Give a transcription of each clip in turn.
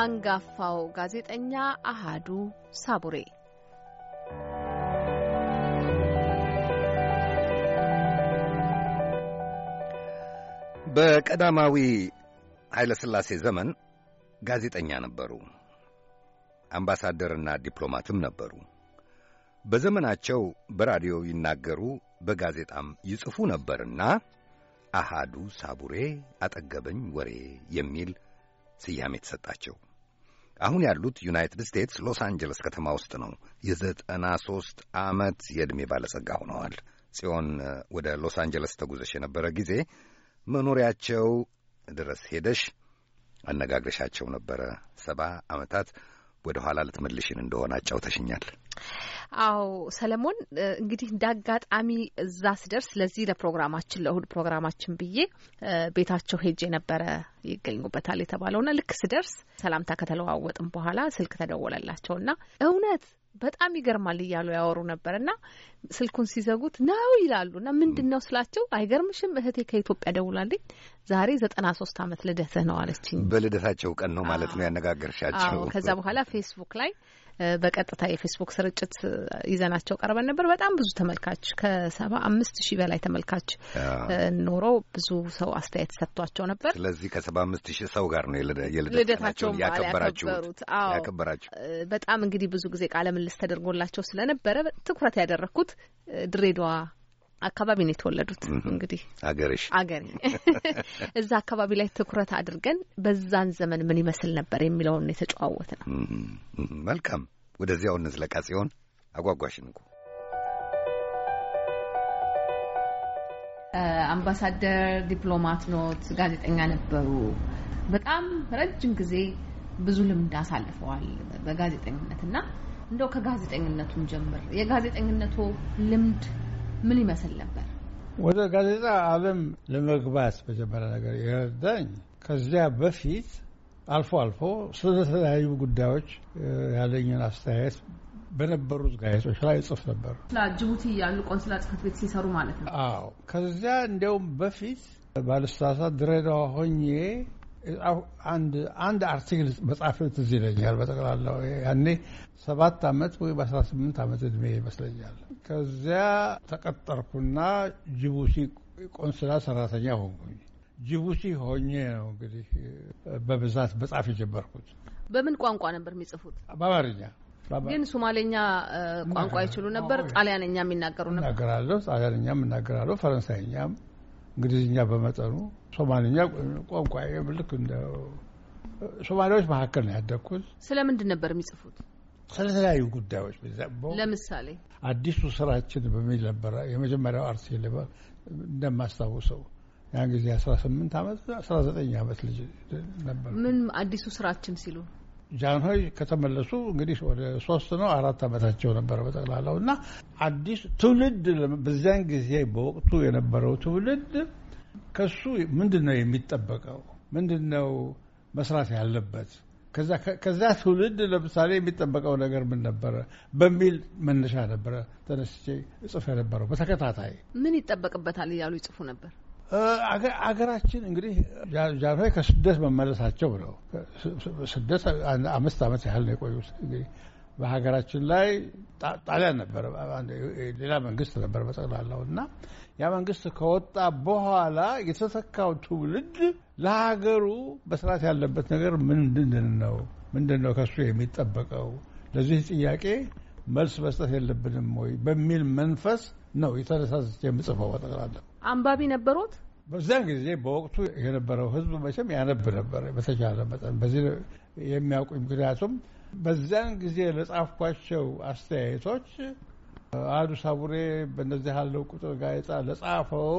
አንጋፋው ጋዜጠኛ አሃዱ ሳቡሬ በቀዳማዊ ኃይለ ሥላሴ ዘመን ጋዜጠኛ ነበሩ። አምባሳደርና ዲፕሎማትም ነበሩ። በዘመናቸው በራዲዮ ይናገሩ፣ በጋዜጣም ይጽፉ ነበርና አሃዱ ሳቡሬ አጠገበኝ ወሬ የሚል ስያሜ ተሰጣቸው። አሁን ያሉት ዩናይትድ ስቴትስ ሎስ አንጀለስ ከተማ ውስጥ ነው። የዘጠና ሶስት ዓመት የዕድሜ ባለጸጋ ሆነዋል። ጽዮን ወደ ሎስ አንጀለስ ተጉዘሽ የነበረ ጊዜ መኖሪያቸው ድረስ ሄደሽ አነጋግረሻቸው ነበረ። ሰባ ዓመታት ወደ ኋላ ልትመልሽን እንደሆነ አጫውተሽኛል። አዎ ሰለሞን፣ እንግዲህ እንደ አጋጣሚ እዛ ስደርስ ለዚህ ለፕሮግራማችን ለእሁድ ፕሮግራማችን ብዬ ቤታቸው ሄጄ ነበረ ይገኙበታል የተባለውና ልክ ስደርስ ሰላምታ ከተለዋወጥም በኋላ ስልክ ተደወለላቸውና እውነት በጣም ይገርማል እያሉ ያወሩ ነበር እና ስልኩን ሲዘጉት ነው ይላሉ እና ምንድን ነው ስላቸው፣ አይገርምሽም እህቴ ከኢትዮጵያ ደውላልኝ ዛሬ ዘጠና ሶስት አመት ልደትህ ነው አለችኝ። በልደታቸው ቀን ነው ማለት ነው ያነጋገርሻቸው። ከዛ በኋላ ፌስቡክ ላይ በቀጥታ የፌስቡክ ስርጭት ይዘናቸው ቀርበን ነበር። በጣም ብዙ ተመልካች ከሰባ አምስት ሺህ በላይ ተመልካች ኖሮ ብዙ ሰው አስተያየት ሰጥቷቸው ነበር። ስለዚህ ከሰባ አምስት ሺህ ሰው ጋር ነው የልደታቸውን ያከበራችሁት? በጣም እንግዲህ ብዙ ጊዜ ቃለ ምልልስ ተደርጎላቸው ስለነበረ ትኩረት ያደረግኩት ድሬዳዋ አካባቢ ነው የተወለዱት። እንግዲህ አገሬሽ አገሬ እዛ አካባቢ ላይ ትኩረት አድርገን በዛን ዘመን ምን ይመስል ነበር የሚለውን የተጨዋወት ነው። መልካም ወደዚያው እንዝለቃ። ሲሆን አጓጓሽን እኮ አምባሳደር ዲፕሎማት ኖት፣ ጋዜጠኛ ነበሩ። በጣም ረጅም ጊዜ ብዙ ልምድ አሳልፈዋል በጋዜጠኝነት እና እንደው ከጋዜጠኝነቱን ጀምር የጋዜጠኝነቱ ልምድ ምን ይመስል ነበር? ወደ ጋዜጣ ዓለም ለመግባት መጀመሪያ ነገር የረዳኝ ከዚያ በፊት አልፎ አልፎ ስለተለያዩ ጉዳዮች ያለኝን አስተያየት በነበሩት ጋዜጦች ላይ ጽፍ ነበር። ጅቡቲ ያሉ ቆንስላ ጽሕፈት ቤት ሲሰሩ ማለት ነው። አዎ፣ ከዚያ እንዲያውም በፊት ባለስላሳት ድሬዳዋ ሆኜ አንድ አርቲክል መጽሐፍ ትዝ ይለኛል። በጠቅላላው ያኔ ሰባት ዓመት ወይ በአስራ ስምንት ዓመት እድሜ ይመስለኛል። ከዚያ ተቀጠርኩና ጅቡቲ ቆንስላ ሰራተኛ ሆንኩኝ። ጅቡቲ ሆኜ ነው እንግዲህ በብዛት መጽሐፍ የጀመርኩት። በምን ቋንቋ ነበር የሚጽፉት? በአማርኛ ግን ሶማሌኛ ቋንቋ ይችሉ ነበር። ጣሊያንኛ የሚናገሩ ነበር። እናገራለሁ። ጣሊያንኛም እናገራለሁ። ፈረንሳይኛም፣ እንግሊዝኛ በመጠኑ ሶማሊኛ ቋንቋ ልክ እንደ ሶማሊያዎች መካከል ነው ያደግኩት። ስለምንድን ነበር የሚጽፉት? ስለተለያዩ ጉዳዮች ለምሳሌ አዲሱ ስራችን በሚል ነበረ የመጀመሪያው አርሲ አርቲክል እንደማስታውሰው ያን ጊዜ አስራ ስምንት አመት አስራ ዘጠኝ አመት ልጅ ነበር። ምን አዲሱ ስራችን ሲሉ ጃንሆይ ከተመለሱ እንግዲህ ወደ ሶስት ነው አራት አመታቸው ነበረ በጠቅላላው እና አዲስ ትውልድ በዚያን ጊዜ በወቅቱ የነበረው ትውልድ ከሱ ምንድን ነው የሚጠበቀው? ምንድን ነው መስራት ያለበት? ከዛ ትውልድ ለምሳሌ የሚጠበቀው ነገር ምን ነበረ በሚል መነሻ ነበረ ተነስቼ እጽፍ የነበረው። በተከታታይ ምን ይጠበቅበታል እያሉ ይጽፉ ነበር። አገራችን እንግዲህ ጃንሆይ ከስደት መመለሳቸው ነው። ስደት አምስት ዓመት ያህል ነው የቆዩት። እንግዲህ በሀገራችን ላይ ጣሊያን ነበረ፣ ሌላ መንግስት ነበር በጠቅላላው እና ያ መንግስት ከወጣ በኋላ የተተካው ትውልድ ለሀገሩ መስራት ያለበት ነገር ምንድን ነው? ምንድን ነው ከሱ የሚጠበቀው? ለዚህ ጥያቄ መልስ መስጠት የለብንም ወይ በሚል መንፈስ ነው የተነሳስቼ የምጽፈው። ጠቅላላ አንባቢ ነበሩት። በዚያን ጊዜ በወቅቱ የነበረው ህዝብ መቼም ያነብ ነበር በተቻለ መጠን በዚህ የሚያውቁኝ ምክንያቱም በዚያን ጊዜ ለጻፍኳቸው አስተያየቶች አህዱ ሳቡሬ በእነዚህ ያለው ቁጥር ጋዜጣ ለጻፈው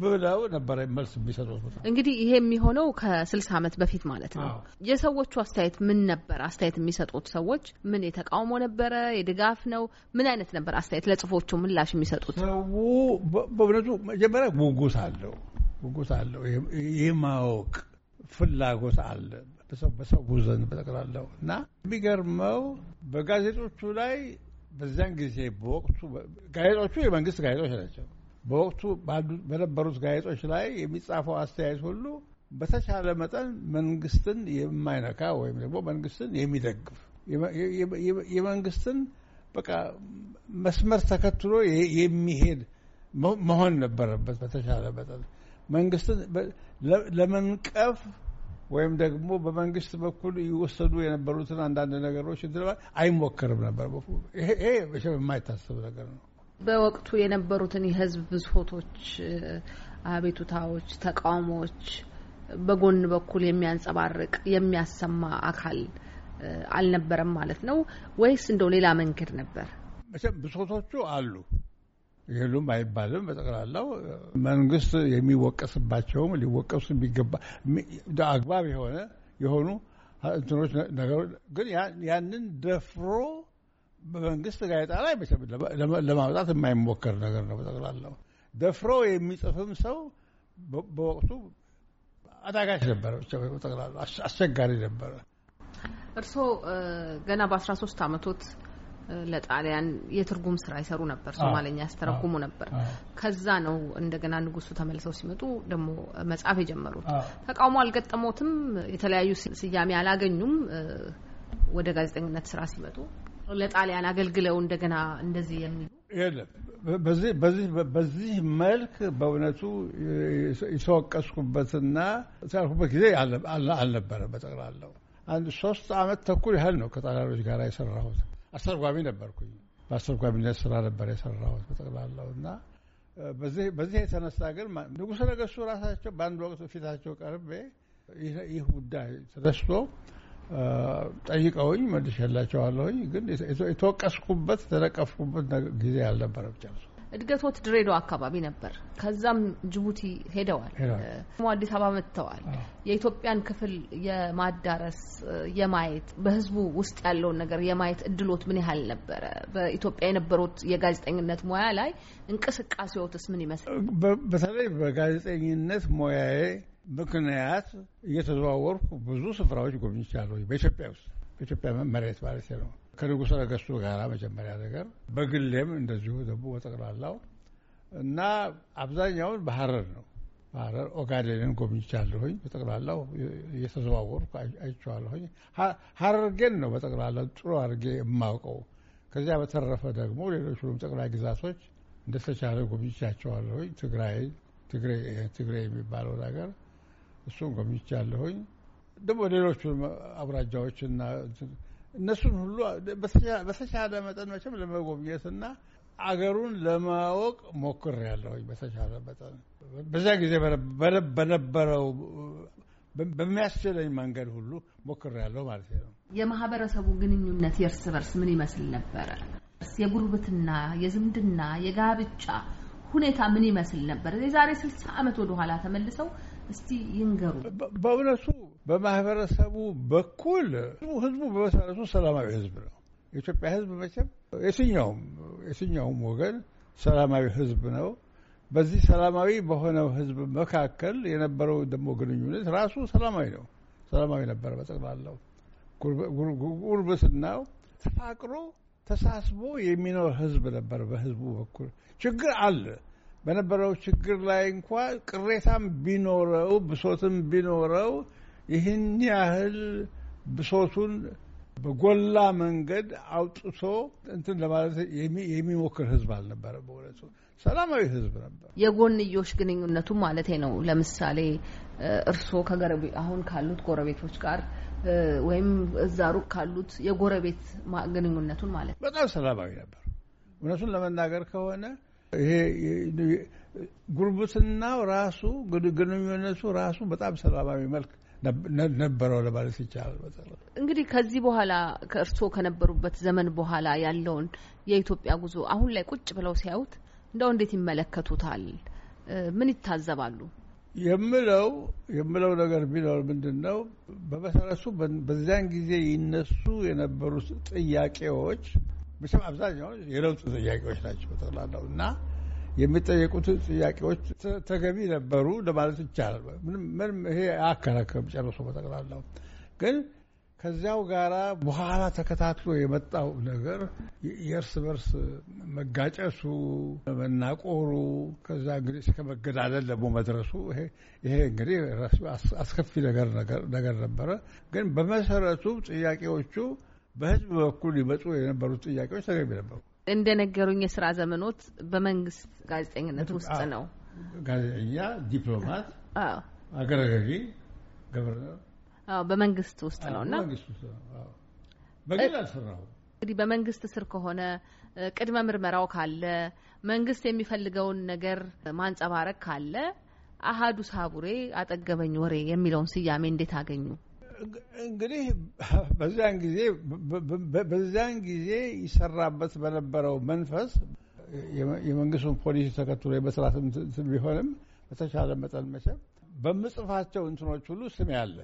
ብለው ነበረ መልስ የሚሰጡት። እንግዲህ ይሄ የሚሆነው ከስልሳ ዓመት በፊት ማለት ነው። የሰዎቹ አስተያየት ምን ነበር? አስተያየት የሚሰጡት ሰዎች ምን የተቃውሞ ነበረ? የድጋፍ ነው? ምን አይነት ነበር አስተያየት ለጽፎቹ ምላሽ የሚሰጡት? ሰው በእውነቱ መጀመሪያ ጉጉት አለው፣ ጉጉት አለው። ይህ ማወቅ ፍላጎት አለ በሰው ዘንድ በጠቅላላው እና የሚገርመው በጋዜጦቹ ላይ በዚያን ጊዜ በወቅቱ ጋዜጦቹ የመንግስት ጋዜጦች ናቸው። በወቅቱ በነበሩት ጋዜጦች ላይ የሚጻፈው አስተያየት ሁሉ በተቻለ መጠን መንግስትን የማይነካ ወይም ደግሞ መንግስትን የሚደግፍ የመንግስትን በቃ መስመር ተከትሎ የሚሄድ መሆን ነበረበት። በተቻለ መጠን መንግስትን ለመንቀፍ ወይም ደግሞ በመንግስት በኩል ይወሰዱ የነበሩትን አንዳንድ ነገሮች አይሞከርም ነበር። ይሄ በሸም የማይታሰብ ነገር ነው። በወቅቱ የነበሩትን የህዝብ ብሶቶች፣ አቤቱታዎች፣ ተቃውሞዎች በጎን በኩል የሚያንጸባርቅ የሚያሰማ አካል አልነበረም ማለት ነው ወይስ እንደው ሌላ መንገድ ነበር? ብሶቶቹ አሉ የሉም አይባልም። በጠቅላላው መንግስት የሚወቀስባቸውም ሊወቀሱ የሚገባ አግባብ የሆነ የሆኑ እንትኖች ነገሮች ግን ያንን ደፍሮ በመንግስት ጋዜጣ ላይ ለማውጣት የማይሞከር ነገር ነው። በጠቅላላው ደፍሮ የሚጽፍም ሰው በወቅቱ አዳጋች ነበረ። በጠቅላላው አስቸጋሪ ነበረ። እርስዎ ገና በአስራ ሶስት አመቶት ለጣሊያን የትርጉም ስራ ይሰሩ ነበር። ሶማለኛ ያስተረጉሙ ነበር። ከዛ ነው እንደገና ንጉሱ ተመልሰው ሲመጡ ደግሞ መጽሐፍ የጀመሩት። ተቃውሞ አልገጠሞትም። የተለያዩ ስያሜ አላገኙም። ወደ ጋዜጠኝነት ስራ ሲመጡ ለጣሊያን አገልግለው እንደገና እንደዚህ የሚሉ የለም። በዚህ መልክ በእውነቱ የተወቀስኩበትና ያልኩበት ጊዜ አልነበረ። በጠቅላላው አንድ ሶስት አመት ተኩል ያህል ነው ከጣሊያኖች ጋር የሰራሁት። አስተርጓሚ ነበርኩኝ። በአስተርጓሚነት ስራ ነበር የሰራሁት በጠቅላላው እና በዚህ የተነሳ ግን ንጉሠ ነገሥቱ ራሳቸው በአንድ ወቅት ፊታቸው ቀርቤ ይህ ጉዳይ ተነስቶ ጠይቀውኝ መልሼላቸዋለሁኝ። ግን የተወቀስኩበት የተነቀፍኩበት ጊዜ አልነበረም ጨርሶ እድገቶት ድሬዳዋ አካባቢ ነበር። ከዛም ጅቡቲ ሄደዋል፣ አዲስ አበባ መጥተዋል። የኢትዮጵያን ክፍል የማዳረስ የማየት በህዝቡ ውስጥ ያለውን ነገር የማየት እድሎት ምን ያህል ነበረ? በኢትዮጵያ የነበሩት የጋዜጠኝነት ሙያ ላይ እንቅስቃሴዎትስ ምን ይመስል? በተለይ በጋዜጠኝነት ሙያዬ ምክንያት እየተዘዋወርኩ ብዙ ስፍራዎች ጎብኝቻለሁ። በኢትዮጵያ ውስጥ በኢትዮጵያ መሬት ማለት ነው ከንጉሠ ነገሥቱ ጋር መጀመሪያ ነገር በግሌም እንደዚሁ ደግሞ በጠቅላላው እና አብዛኛውን በሐረር ነው። በሐረር ኦጋዴንን ጎብኝቻለሁኝ። በጠቅላላው እየተዘዋወርኩ አይቼዋለሁኝ። ሐረርጌን ነው በጠቅላላው ጥሩ አድርጌ የማውቀው። ከዚያ በተረፈ ደግሞ ሌሎቹንም ጠቅላይ ግዛቶች እንደተቻለ ጎብኝቻቸዋለሁኝ። ትግራይ ትግሬ የሚባለው ነገር እሱን ጎብኝቻለሁኝ። ደግሞ ሌሎቹን አውራጃዎችና እነሱን ሁሉ በተቻለ መጠን መቼም ለመጎብኘትና አገሩን ለማወቅ ያለሁኝ በተቻለ መጠን በዚያ ጊዜ በነበረው በሚያስችለኝ መንገድ ሁሉ ሞክር ያለው ማለት ነው። የማህበረሰቡ ግንኙነት የእርስ በርስ ምን ይመስል ነበረ? የጉርብትና፣ የዝምድና፣ የጋብቻ ሁኔታ ምን ይመስል ነበር? የዛሬ ስልሳ ዓመት ወደኋላ ተመልሰው እስቲ ይንገሩ። በእውነቱ በማህበረሰቡ በኩል ህዝቡ በመሰረቱ ሰላማዊ ህዝብ ነው። የኢትዮጵያ ህዝብ መቼም የትኛውም የትኛውም ወገን ሰላማዊ ህዝብ ነው። በዚህ ሰላማዊ በሆነው ህዝብ መካከል የነበረው ደግሞ ግንኙነት ራሱ ሰላማዊ ነው። ሰላማዊ ነበረ። በጠቅላላው ጉርብትናው ተፋቅሮ ተሳስቦ የሚኖር ህዝብ ነበር። በህዝቡ በኩል ችግር አለ በነበረው ችግር ላይ እንኳ ቅሬታም ቢኖረው ብሶትም ቢኖረው ይህን ያህል ብሶቱን በጎላ መንገድ አውጥቶ እንትን ለማለት የሚሞክር ህዝብ አልነበረ። በእውነቱ ሰላማዊ ህዝብ ነበር። የጎንዮሽ ግንኙነቱ ማለት ነው። ለምሳሌ እርስዎ አሁን ካሉት ጎረቤቶች ጋር ወይም እዛ ሩቅ ካሉት የጎረቤት ግንኙነቱን ማለት ነው። በጣም ሰላማዊ ነበር። እውነቱን ለመናገር ከሆነ ይሄ ጉርብትናው ራሱ ግንኙነቱ ራሱ በጣም ሰላማዊ መልክ ነበረው ለማለት ይቻላል። እንግዲህ ከዚህ በኋላ ከእርስዎ ከነበሩበት ዘመን በኋላ ያለውን የኢትዮጵያ ጉዞ አሁን ላይ ቁጭ ብለው ሲያዩት እንደው እንዴት ይመለከቱታል? ምን ይታዘባሉ? የምለው የምለው ነገር ቢኖር ምንድን ነው በመሰረቱ በዚያን ጊዜ ይነሱ የነበሩት ጥያቄዎች ምስም አብዛኛው የለውጡ ጥያቄዎች ናቸው ጠቅላላው እና የሚጠየቁት ጥያቄዎች ተገቢ ነበሩ ለማለት ይቻላል። ምንም ይሄ አያከራከርም ጨርሶ በጠቅላላው ግን ከዚያው ጋራ በኋላ ተከታትሎ የመጣው ነገር የእርስ በርስ መጋጨሱ፣ መናቆሩ ከዛ እንግዲህ እስከ መገዳደል ደግሞ መድረሱ ይሄ እንግዲህ አስከፊ ነገር ነገር ነበረ። ግን በመሰረቱ ጥያቄዎቹ በህዝብ በኩል ይመጡ የነበሩት ጥያቄዎች ተገቢ ነበሩ። እንደነገሩኝ የስራ ዘመኖት በመንግስት ጋዜጠኝነት ውስጥ ነው። ጋዜጠኛ፣ ዲፕሎማት፣ አገረ ገዢ፣ ገቨርነር በመንግስት ውስጥ ነው እና በግል አልሰራሁ። እንግዲህ በመንግስት ስር ከሆነ ቅድመ ምርመራው ካለ መንግስት የሚፈልገውን ነገር ማንጸባረቅ ካለ አሀዱ ሳቡሬ አጠገበኝ ወሬ የሚለውን ስያሜ እንዴት አገኙ? እንግዲህ በዚያን ጊዜ በዚያን ጊዜ ይሰራበት በነበረው መንፈስ የመንግስቱን ፖሊሲ ተከትሎ የመስራት እንትን ቢሆንም በተቻለ መጠን መቼም በምጽፋቸው እንትኖች ሁሉ ስሜ አለ።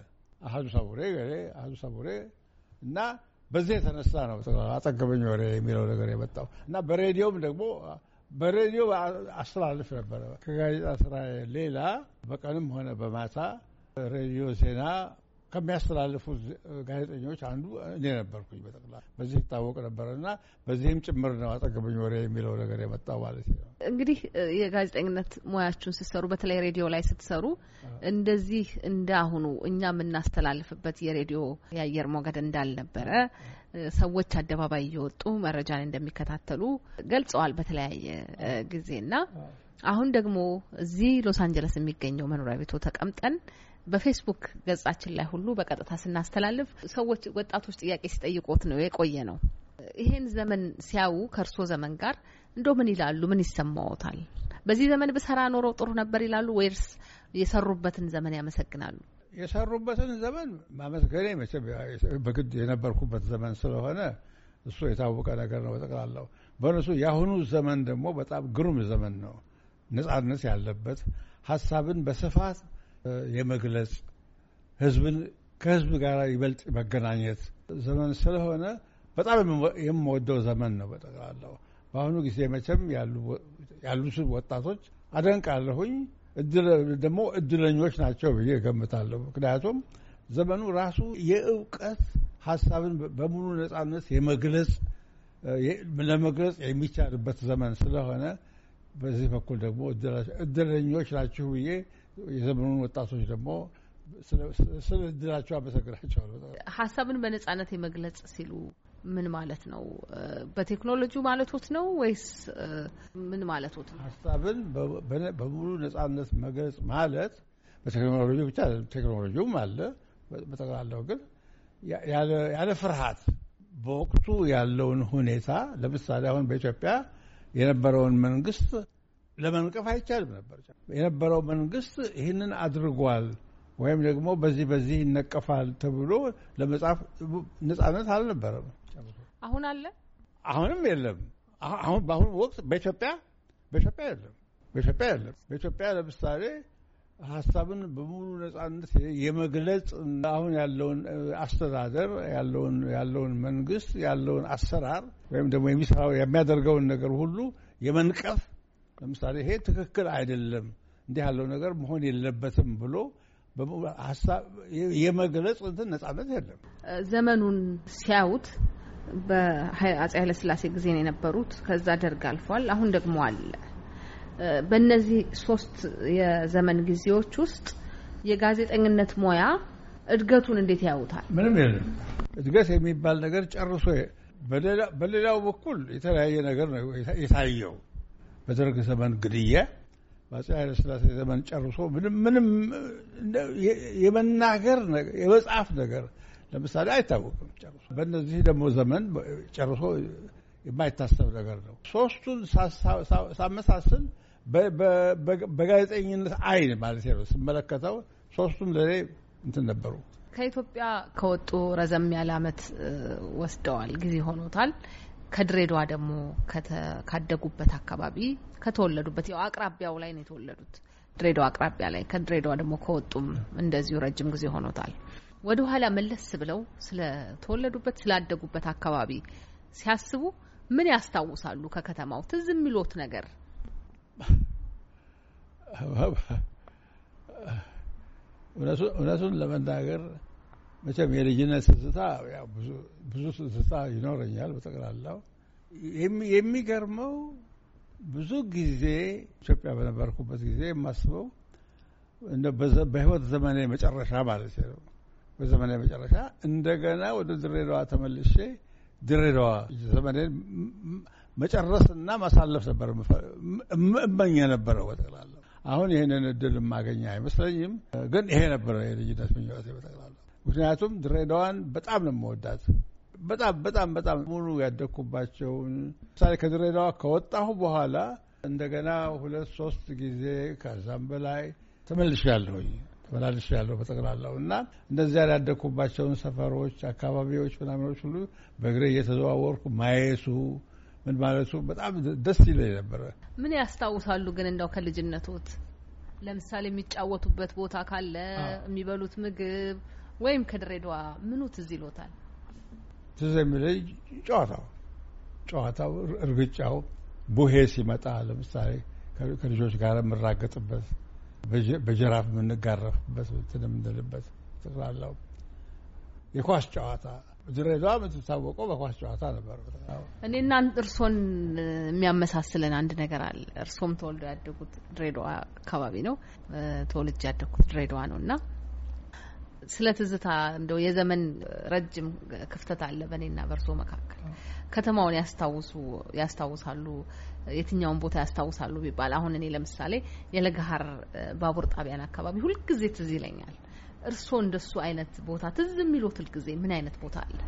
አህዱ ሰቡሬ ገሌ፣ አህዱ ሰቡሬ እና በዚህ የተነሳ ነው አጠገበኝ ወሬ የሚለው ነገር የመጣው እና በሬዲዮም ደግሞ በሬዲዮ አስተላልፍ ነበረ ከጋዜጣ ስራ ሌላ በቀንም ሆነ በማታ ሬዲዮ ዜና ከሚያስተላልፉት ጋዜጠኞች አንዱ እኔ ነበርኩኝ። በጠቅላ በዚህ ይታወቅ ነበርና በዚህም ጭምር ነው አጠገብኝ ወሬ የሚለው ነገር የመጣው ማለት ነው። እንግዲህ የጋዜጠኝነት ሙያችሁን ስትሰሩ፣ በተለይ ሬዲዮ ላይ ስትሰሩ እንደዚህ እንደ አሁኑ እኛ የምናስተላልፍበት የሬዲዮ የአየር ሞገድ እንዳልነበረ ሰዎች አደባባይ እየወጡ መረጃን እንደሚከታተሉ ገልጸዋል በተለያየ ጊዜና አሁን ደግሞ እዚህ ሎስ አንጀለስ የሚገኘው መኖሪያ ቤቶ ተቀምጠን በፌስቡክ ገጻችን ላይ ሁሉ በቀጥታ ስናስተላልፍ ሰዎች ወጣቶች ጥያቄ ሲጠይቁት ነው የቆየ ነው። ይሄን ዘመን ሲያዩ ከእርሶ ዘመን ጋር እንደ ምን ይላሉ? ምን ይሰማዎታል? በዚህ ዘመን ብሰራ ኖሮ ጥሩ ነበር ይላሉ ወይስ የሰሩበትን ዘመን ያመሰግናሉ? የሰሩበትን ዘመን ማመስገኔ በግድ የነበርኩበት ዘመን ስለሆነ እሱ የታወቀ ነገር ነው በጠቅላላው። በእነሱ የአሁኑ ዘመን ደግሞ በጣም ግሩም ዘመን ነው። ነጻነት ያለበት ሀሳብን በስፋት የመግለጽ ህዝብን ከህዝብ ጋር ይበልጥ መገናኘት ዘመን ስለሆነ በጣም የምወደው ዘመን ነው በጠቅላላው። በአሁኑ ጊዜ መቼም ያሉት ወጣቶች አደንቃለሁኝ። ደግሞ እድለኞች ናቸው ብዬ እገምታለሁ። ምክንያቱም ዘመኑ ራሱ የእውቀት ሀሳብን በሙሉ ነጻነት የመግለጽ ለመግለጽ የሚቻልበት ዘመን ስለሆነ በዚህ በኩል ደግሞ እድለኞች ናችሁ ብዬ የዘመኑን ወጣቶች ደግሞ ስለ እድላቸው አመሰግናቸዋለሁ። ሀሳብን በነጻነት የመግለጽ ሲሉ ምን ማለት ነው? በቴክኖሎጂ ማለቶት ነው ወይስ ምን ማለቶት ነው? ሀሳብን በሙሉ ነጻነት መግለጽ ማለት በቴክኖሎጂ ብቻ ቴክኖሎጂውም አለ በጠቅላላው ግን ያለ ፍርሃት በወቅቱ ያለውን ሁኔታ ለምሳሌ አሁን በኢትዮጵያ የነበረውን መንግስት ለመንቀፍ አይቻልም ነበር። የነበረው መንግስት ይህንን አድርጓል ወይም ደግሞ በዚህ በዚህ ይነቀፋል ተብሎ ለመጻፍ ነጻነት አልነበረም። አሁን አለ፣ አሁንም የለም። አሁን በአሁኑ ወቅት በኢትዮጵያ በኢትዮጵያ የለም። በኢትዮጵያ የለም። በኢትዮጵያ ለምሳሌ ሀሳብን በሙሉ ነጻነት የመግለጽ አሁን ያለውን አስተዳደር ያለውን ያለውን መንግስት ያለውን አሰራር ወይም ደግሞ የሚሰራው የሚያደርገውን ነገር ሁሉ የመንቀፍ ለምሳሌ ይሄ ትክክል አይደለም፣ እንዲህ ያለው ነገር መሆን የለበትም ብሎ የመግለጽ እንትን ነጻነት የለም። ዘመኑን ሲያዩት በአፄ ኃይለስላሴ ጊዜ ነው የነበሩት። ከዛ ደርግ አልፏል፣ አሁን ደግሞ አለ። በእነዚህ ሶስት የዘመን ጊዜዎች ውስጥ የጋዜጠኝነት ሙያ እድገቱን እንዴት ያዩታል? ምንም የለም እድገት የሚባል ነገር ጨርሶ በሌላው በኩል የተለያየ ነገር ነው የታየው በደርግ ዘመን ግድያ በአፄ ኃይለሥላሴ ዘመን ጨርሶ ምንም ምንም የመናገር የመጽሐፍ ነገር ለምሳሌ አይታወቅም ጨርሶ። በእነዚህ ደግሞ ዘመን ጨርሶ የማይታሰብ ነገር ነው። ሶስቱን ሳመሳስል በጋዜጠኝነት አይን ማለት ነው ስመለከተው፣ ሶስቱም ለኔ እንትን ነበሩ። ከኢትዮጵያ ከወጡ ረዘም ያለ አመት ወስደዋል፣ ጊዜ ሆኖታል። ከድሬዳዋ ደግሞ ካደጉበት አካባቢ ከተወለዱበት ያው አቅራቢያው ላይ ነው የተወለዱት ድሬዳዋ አቅራቢያ ላይ ከድሬዳዋ ደግሞ ከወጡም እንደዚሁ ረጅም ጊዜ ሆኖታል። ወደ ኋላ መለስ ብለው ስለተወለዱበት ስላደጉበት አካባቢ ሲያስቡ ምን ያስታውሳሉ? ከከተማው ትዝ የሚሎት ነገር እውነቱን ለመናገር መቼም የልጅነት ስስታ ብዙ ስስታ ይኖረኛል። በጠቅላላው የሚገርመው ብዙ ጊዜ ኢትዮጵያ በነበርኩበት ጊዜ የማስበው በህይወት ዘመኔ መጨረሻ ማለት ነው። በዘመኔ መጨረሻ እንደገና ወደ ድሬዳዋ ተመልሼ ድሬዳዋ ዘመኔን መጨረስና ማሳለፍ ነበር እመኝ የነበረው በጠቅላላው። አሁን ይህንን እድል የማገኘ አይመስለኝም፣ ግን ይሄ ነበረ የልጅነት ምኞቴ በጠቅላላ ምክንያቱም ድሬዳዋን በጣም ነው የምወዳት። በጣም በጣም በጣም ሙሉ ያደግኩባቸው ምሳሌ ከድሬዳዋ ከወጣሁ በኋላ እንደገና ሁለት ሶስት ጊዜ ከዛም በላይ ተመልሻለሁኝ ተመላልሻለሁ በጠቅላላው እና እንደዚያ ያደግኩባቸውን ሰፈሮች፣ አካባቢዎች ምናምኖች ሁሉ በእግሬ እየተዘዋወርኩ ማየሱ ምን ማለቱ በጣም ደስ ይለኝ ነበረ። ምን ያስታውሳሉ ግን እንደው ከልጅነቶት ለምሳሌ የሚጫወቱበት ቦታ ካለ፣ የሚበሉት ምግብ ወይም ከድሬዳዋ ምኑ ትዝ ይሎታል? ትዝ የሚለኝ ጨዋታው ጨዋታው፣ እርግጫው፣ ቡሄ ሲመጣ ለምሳሌ ከልጆች ጋር የምራገጥበት በጀራፍ የምንጋረፍበት እንትን የምንልበት ጠቅላላው የኳስ ጨዋታ ድሬዳዋ የምትታወቀው በኳስ ጨዋታ ነበር። እኔና እርሶን የሚያመሳስለን አንድ ነገር አለ። እርሶም ተወልዶ ያደጉት ድሬዳዋ አካባቢ ነው። ተወልጅ ያደግኩት ድሬዳዋ ነው እና ስለ ትዝታ እንደው የዘመን ረጅም ክፍተት አለ በእኔና በእርሶ መካከል። ከተማውን ያስታውሱ ያስታውሳሉ፣ የትኛውን ቦታ ያስታውሳሉ ቢባል አሁን እኔ ለምሳሌ የለገሀር ባቡር ጣቢያን አካባቢ ሁልጊዜ ትዝ ይለኛል። እርስዎ እንደሱ አይነት ቦታ ትዝ የሚሉት ሁልጊዜ ምን አይነት ቦታ አለ?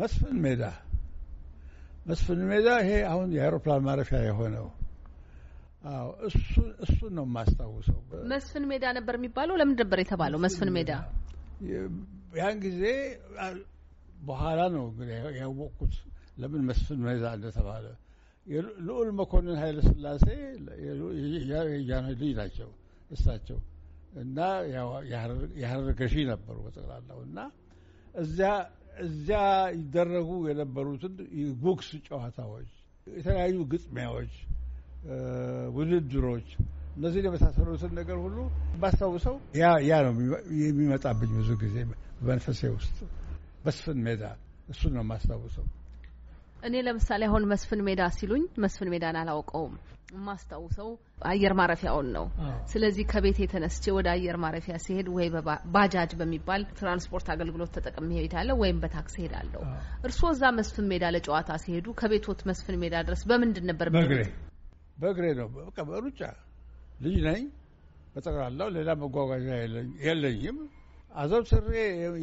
መስፍን ሜዳ መስፍን ሜዳ ይሄ አሁን የአውሮፕላን ማረፊያ የሆነው እሱን ነው የማስታውሰው። መስፍን ሜዳ ነበር የሚባለው። ለምን ነበር የተባለው መስፍን ሜዳ? ያን ጊዜ በኋላ ነው ያወቅኩት ለምን መስፍን ሜዳ እንደተባለ። ልዑል መኮንን ኃይለስላሴ ሥላሴ የጃኖ ልጅ ናቸው እሳቸው እና የሀረር ገዢ ነበሩ በጠቅላላው እና እዚያ እዚያ ይደረጉ የነበሩትን ጉግስ ጨዋታዎች፣ የተለያዩ ግጥሚያዎች ውድድሮች፣ እነዚህን የመሳሰሉትን ነገር ሁሉ ባስታውሰው ያ ያ ነው የሚመጣብኝ ብዙ ጊዜ መንፈሴ ውስጥ መስፍን ሜዳ እሱን ነው የማስታውሰው። እኔ ለምሳሌ አሁን መስፍን ሜዳ ሲሉኝ መስፍን ሜዳን አላውቀውም። የማስታውሰው አየር ማረፊያውን ነው። ስለዚህ ከቤት የተነስቼ ወደ አየር ማረፊያ ሲሄድ ወይ ባጃጅ በሚባል ትራንስፖርት አገልግሎት ተጠቅሜ ሄዳለሁ ወይም በታክስ ሄዳለሁ። እርስዎ እዛ መስፍን ሜዳ ለጨዋታ ሲሄዱ ከቤቶት መስፍን ሜዳ ድረስ በምንድን ነበር? በእግሬ ነው። በቃ በሩጫ ልጅ ነኝ። በጠቅላላው ሌላ መጓጓዣ የለኝም። ስሬ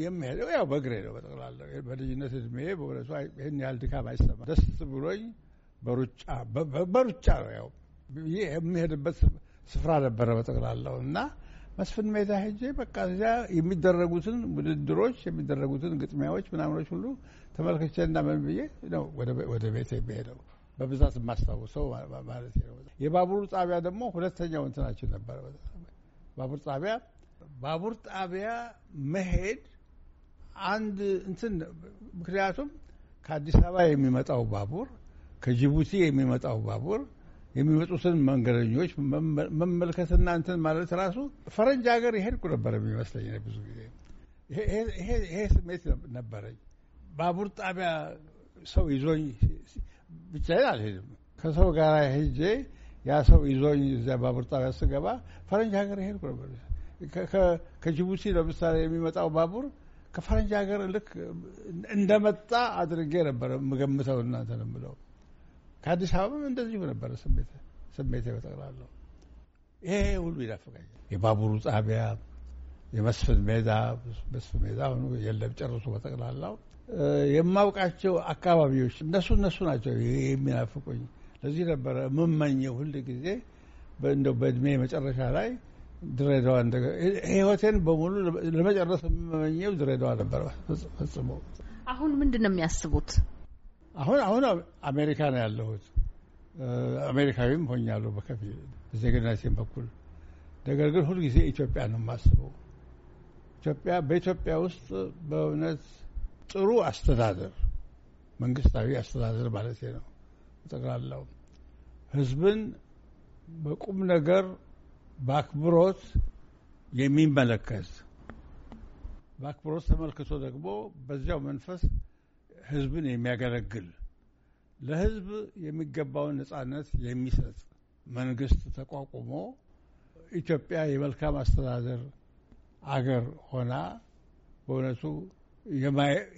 የሚሄደው ያው በእግሬ ነው። በጠቅላላው በልጅነት እድሜ በእውነቱ ይህን ያህል ድካም አይሰማ። ደስ ብሎኝ በሩጫ በሩጫ ነው ያው ይህ የሚሄድበት ስፍራ ነበረ በጠቅላላው እና መስፍን ሜዳ ሄጄ በቃ እዚያ የሚደረጉትን ውድድሮች የሚደረጉትን ግጥሚያዎች ምናምኖች ሁሉ ተመልክቼ እና ምን ብዬ ነው ወደ ቤት የሚሄደው። በብዛት የማስታውሰው ማለት ነው። የባቡሩ ጣቢያ ደግሞ ሁለተኛው እንትናችን ነበረ። ባቡር ጣቢያ ባቡር ጣቢያ መሄድ አንድ እንትን ምክንያቱም ከአዲስ አበባ የሚመጣው ባቡር ከጅቡቲ የሚመጣው ባቡር የሚመጡትን መንገደኞች መመልከትና እንትን ማለት ራሱ ፈረንጅ ሀገር የሄድኩ ነበር የሚመስለኝ ብዙ ጊዜ ይሄ ስሜት ነበረኝ። ባቡር ጣቢያ ሰው ይዞኝ ብቻዬን አልሄድም። ከሰው ጋር ሄጄ ያ ሰው ይዞኝ እዚያ ባቡር ጣቢያ ስገባ ፈረንጅ ሀገር ሄድኩ ነበር። ከጅቡቲ ለምሳሌ የሚመጣው ባቡር ከፈረንጅ ሀገር ልክ እንደመጣ አድርጌ ነበረ የምገምተው። እናንተ ለምለው ከአዲስ አበባም እንደዚሁ ነበረ ስሜቴ በጠቅላለሁ። ይሄ ሁሉ ይናፍቀኛል። የባቡሩ ጣቢያ፣ የመስፍን ሜዳ መስፍን ሜዳ ሆኑ የለም ጨርሱ በጠቅላላው የማውቃቸው አካባቢዎች እነሱ እነሱ ናቸው የሚናፍቁኝ። ለዚህ ነበረ የምመኘው ሁል ጊዜ እንደ በእድሜ መጨረሻ ላይ ድሬዳዋ ህይወቴን በሙሉ ለመጨረስ የምመኘው ድሬዳዋ ነበረ። ፈጽሞ አሁን ምንድን ነው የሚያስቡት? አሁን አሁን አሜሪካ ነው ያለሁት። አሜሪካዊም ሆኛለሁ በከፊል በዜግነቴም በኩል ነገር ግን ሁልጊዜ ኢትዮጵያ ነው የማስበው። ኢትዮጵያ በኢትዮጵያ ውስጥ በእውነት ጥሩ አስተዳደር መንግስታዊ አስተዳደር ማለት ነው። ጠቅላላው ህዝብን በቁም ነገር በአክብሮት የሚመለከት በአክብሮት ተመልክቶ ደግሞ በዚያው መንፈስ ህዝብን የሚያገለግል ለህዝብ የሚገባውን ነጻነት የሚሰጥ መንግስት ተቋቁሞ ኢትዮጵያ የመልካም አስተዳደር አገር ሆና በእውነቱ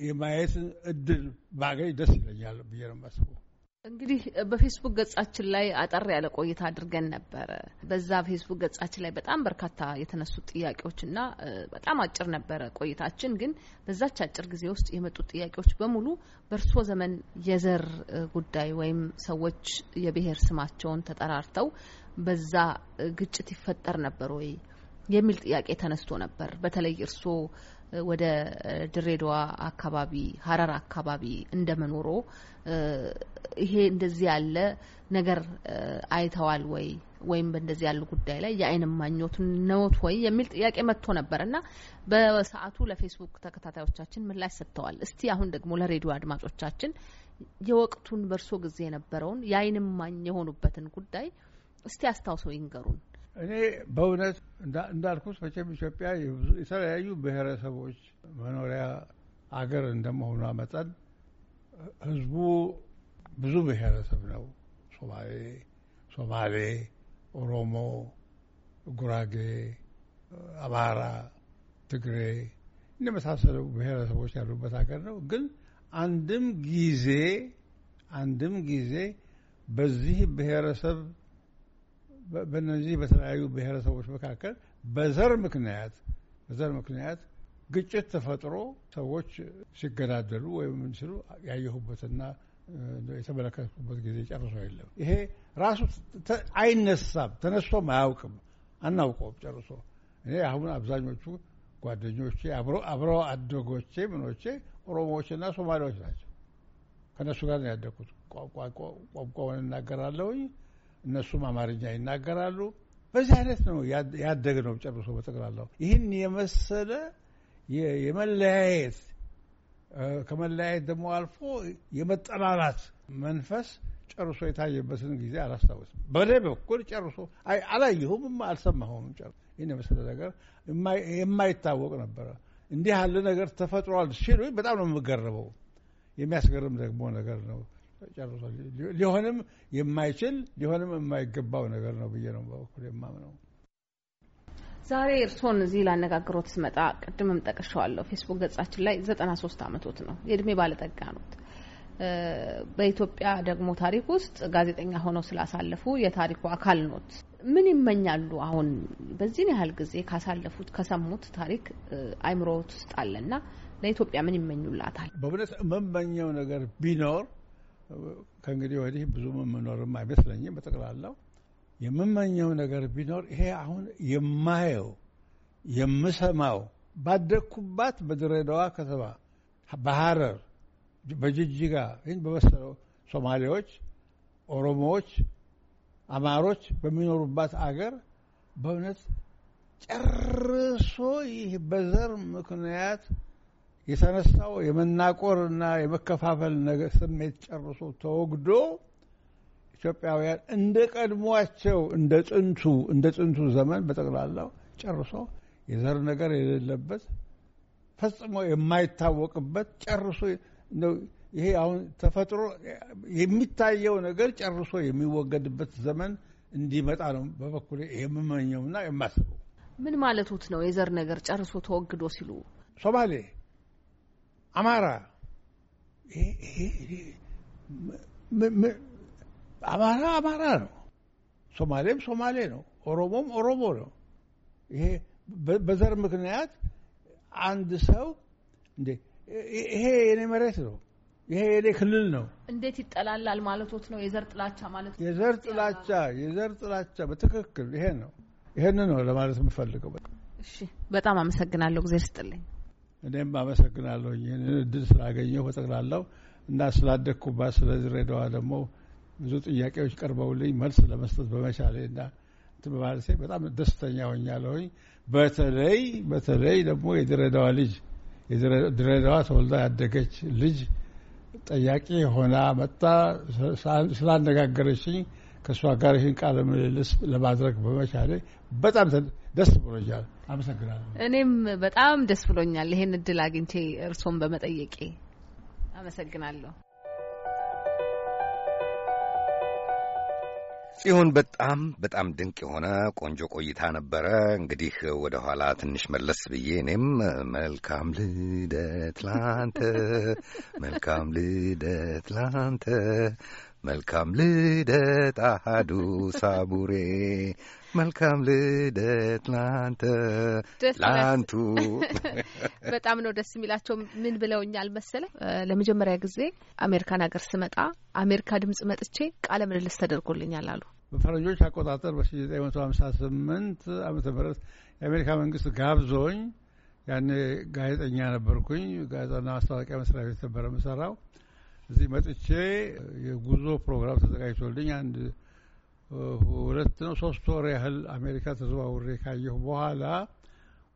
የማየትን እድል ባገኝ ደስ ይለኛል ብዬ ነው የማስበው። እንግዲህ በፌስቡክ ገጻችን ላይ አጠር ያለ ቆይታ አድርገን ነበረ። በዛ ፌስቡክ ገጻችን ላይ በጣም በርካታ የተነሱት እና በጣም አጭር ነበረ ቆይታችን። ግን በዛች አጭር ጊዜ ውስጥ የመጡት ጥያቄዎች በሙሉ በእርስዎ ዘመን የዘር ጉዳይ ወይም ሰዎች የብሔር ስማቸውን ተጠራርተው በዛ ግጭት ይፈጠር ነበር ወይ የሚል ጥያቄ ተነስቶ ነበር። በተለይ እርስዎ ወደ ድሬዳዋ አካባቢ ሀረር አካባቢ እንደመኖሮ ይሄ እንደዚህ ያለ ነገር አይተዋል ወይ ወይም በእንደዚህ ያሉ ጉዳይ ላይ የአይን ማኞት ነዎት ወይ የሚል ጥያቄ መጥቶ ነበር እና በሰዓቱ ለፌስቡክ ተከታታዮቻችን ምላሽ ሰጥተዋል። እስቲ አሁን ደግሞ ለሬዲዮ አድማጮቻችን የወቅቱን በእርሶ ጊዜ የነበረውን የአይን ማኝ የሆኑበትን ጉዳይ እስቲ አስታውሰው ይንገሩን። እኔ በእውነት እንዳልኩት መቼም ኢትዮጵያ የተለያዩ ብሔረሰቦች መኖሪያ አገር እንደመሆኗ መጠን ህዝቡ ብዙ ብሔረሰብ ነው። ሶማሌ፣ ሶማሌ፣ ኦሮሞ፣ ጉራጌ፣ አማራ፣ ትግሬ እንደመሳሰሉ ብሔረሰቦች ያሉበት ሀገር ነው። ግን አንድም ጊዜ አንድም ጊዜ በዚህ ብሔረሰብ በእነዚህ በተለያዩ ብሔረሰቦች መካከል በዘር ምክንያት በዘር ምክንያት ግጭት ተፈጥሮ ሰዎች ሲገዳደሉ ወይም ምን ሲሉ ያየሁበትና የተመለከትኩበት ጊዜ ጨርሶ የለም። ይሄ ራሱ አይነሳም፣ ተነስቶም አያውቅም፣ አናውቀውም ጨርሶ። እኔ አሁን አብዛኞቹ ጓደኞቼ አብረው አደጎቼ ምኖቼ ኦሮሞዎችና ሶማሌዎች ናቸው። ከእነሱ ጋር ነው ያደግኩት። ቋንቋውን እናገራለሁኝ እነሱም አማርኛ ይናገራሉ። በዚህ አይነት ነው ያደግ ነው ጨርሶ በጠቅላላው ይህን የመሰለ የመለያየት ከመለያየት ደግሞ አልፎ የመጠላላት መንፈስ ጨርሶ የታየበትን ጊዜ አላስታወስም። በእኔ በኩል ጨርሶ አላየሁም፣ አልሰማሁም። ይህን የመሰለ ነገር የማይታወቅ ነበረ። እንዲህ ያለ ነገር ተፈጥሯል ሲሉ በጣም ነው የምገረበው። የሚያስገርም ደግሞ ነገር ነው። ሊሆንም የማይችል ሊሆንም የማይገባው ነገር ነው ብዬ ነው በበኩል የማምነው። ዛሬ እርስዎን እዚህ ላነጋግሮት ስመጣ ቅድምም ጠቅሸዋለሁ፣ ፌስቡክ ገጻችን ላይ ዘጠና ሶስት አመቶት ነው የእድሜ ባለጠጋ ኖት። በኢትዮጵያ ደግሞ ታሪክ ውስጥ ጋዜጠኛ ሆነው ስላሳለፉ የታሪኩ አካል ኖት። ምን ይመኛሉ? አሁን በዚህን ያህል ጊዜ ካሳለፉት ከሰሙት ታሪክ አይምሮት ውስጥ አለና ለኢትዮጵያ ምን ይመኙላታል? በእውነት የምመኘው ነገር ቢኖር ከእንግዲህ ወዲህ ብዙ የምኖርም አይመስለኝም። በጠቅላላው የምመኘው ነገር ቢኖር ይሄ አሁን የማየው የምሰማው ባደግኩባት በድሬዳዋ ከተማ፣ በሐረር፣ በጅጅጋ ይህን በመሰለው ሶማሌዎች፣ ኦሮሞዎች፣ አማሮች በሚኖሩባት አገር በእውነት ጨርሶ ይህ በዘር ምክንያት የተነሳው የመናቆርና የመከፋፈል ስሜት ጨርሶ ተወግዶ ኢትዮጵያውያን እንደ ቀድሟቸው እንደ ጥንቱ እንደ ጥንቱ ዘመን በጠቅላላው ጨርሶ የዘር ነገር የሌለበት ፈጽሞ የማይታወቅበት ጨርሶ ይሄ አሁን ተፈጥሮ የሚታየው ነገር ጨርሶ የሚወገድበት ዘመን እንዲመጣ ነው በበኩል የምመኘውና የማስበው። ምን ማለቶት ነው? የዘር ነገር ጨርሶ ተወግዶ ሲሉ ሶማሌ አማራ አማራ አማራ ነው፣ ሶማሌም ሶማሌ ነው፣ ኦሮሞም ኦሮሞ ነው። ይሄ በዘር ምክንያት አንድ ሰው ይሄ የኔ መሬት ነው ይሄ የኔ ክልል ነው እንዴት ይጠላላል ማለቶት ነው። የዘር ጥላቻ ማለት ነው። የዘር ጥላቻ የዘር ጥላቻ በትክክል ይሄ ነው። ይሄን ነው ለማለት የምፈልገው። እሺ፣ በጣም አመሰግናለሁ። ጊዜ ስጥልኝ። እኔም አመሰግናለሁ ይህንን እድል ስላገኘሁ በጠቅላላው እና ስላደግኩባት ስለ ድሬዳዋ ደግሞ ብዙ ጥያቄዎች ቀርበውልኝ መልስ ለመስጠት በመቻሌ እና በማለቴ በጣም ደስተኛ ሆኛለሁኝ። በተለይ በተለይ ደግሞ የድሬዳዋ ልጅ ድሬዳዋ ተወልዳ ያደገች ልጅ ጠያቂ ሆና መጣ ስላነጋገረችኝ ከእሷ ጋር ይህን ቃለ ምልልስ ለማድረግ በመቻሌ በጣም ደስ ብሎኛል። አመሰግናለሁ። እኔም በጣም ደስ ብሎኛል ይሄን እድል አግኝቼ እርስዎን በመጠየቄ አመሰግናለሁ። ጽዮን በጣም በጣም ድንቅ የሆነ ቆንጆ ቆይታ ነበረ። እንግዲህ ወደ ኋላ ትንሽ መለስ ብዬ እኔም መልካም ልደት ላንተ፣ መልካም ልደት ላንተ፣ መልካም ልደት አሃዱ ሳቡሬ መልካም ልደት ላንተ ላንቱ። በጣም ነው ደስ የሚላቸው። ምን ብለውኛል መሰለ፣ ለመጀመሪያ ጊዜ አሜሪካን ሀገር ስመጣ አሜሪካ ድምጽ መጥቼ ቃለ ምልልስ ተደርጎልኛል አሉ። በፈረንጆች አቆጣጠር በ1958 ዓመተ ምህረት የአሜሪካ መንግስት ጋብዞኝ፣ ያኔ ጋዜጠኛ ነበርኩኝ። ጋዜጣና ማስታወቂያ መስሪያ ቤት ነበረ የምሰራው እዚህ መጥቼ የጉዞ ፕሮግራም ተዘጋጅቶልኝ አንድ ሁለት ነው ሶስት ወር ያህል አሜሪካ ተዘዋውሬ ካየሁ በኋላ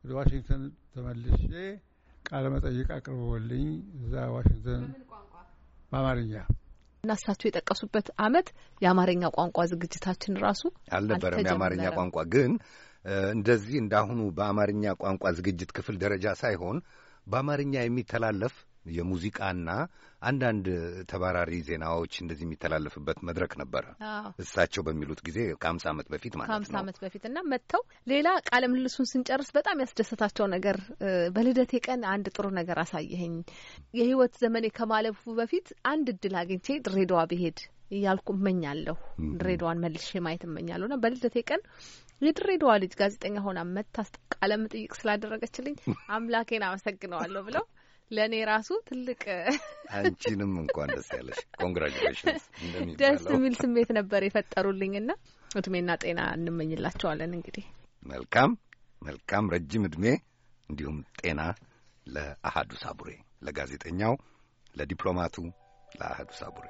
ወደ ዋሽንግተን ተመልሼ ቃለ መጠይቅ አቅርበውልኝ እዛ ዋሽንግተን በአማርኛ እና እሳቸው የጠቀሱበት አመት የአማርኛ ቋንቋ ዝግጅታችን ራሱ አልነበረም። የአማርኛ ቋንቋ ግን እንደዚህ እንዳሁኑ በአማርኛ ቋንቋ ዝግጅት ክፍል ደረጃ ሳይሆን በአማርኛ የሚተላለፍ የሙዚቃና አንዳንድ ተባራሪ ዜናዎች እንደዚህ የሚተላለፍበት መድረክ ነበረ። እሳቸው በሚሉት ጊዜ ከአምሳ ዓመት በፊት ማለት ነው። ዓመት በፊት እና መጥተው ሌላ ቃለ ምልልሱን ስንጨርስ በጣም ያስደሰታቸው ነገር በልደቴ ቀን አንድ ጥሩ ነገር አሳየኸኝ፣ የህይወት ዘመኔ ከማለፉ በፊት አንድ እድል አግኝቼ ድሬዳዋ ብሄድ እያልኩ እመኛለሁ። ድሬዳዋን መልሼ ማየት እመኛለሁ እና በልደቴ ቀን የድሬዳዋ ልጅ ጋዜጠኛ ሆና መታስ ቃለ መጠይቅ ስላደረገችልኝ አምላኬን አመሰግነዋለሁ ብለው ለእኔ ራሱ ትልቅ አንቺንም እንኳን ደስ ያለሽ ኮንግራጁሌሽን ደስ የሚል ስሜት ነበር ና እድሜና ጤና እንመኝላቸዋለን። እንግዲህ መልካም መልካም ረጅም እድሜ እንዲሁም ጤና ለአሃዱ ሳቡሬ፣ ለጋዜጠኛው፣ ለዲፕሎማቱ ለአሃዱ ሳቡሬ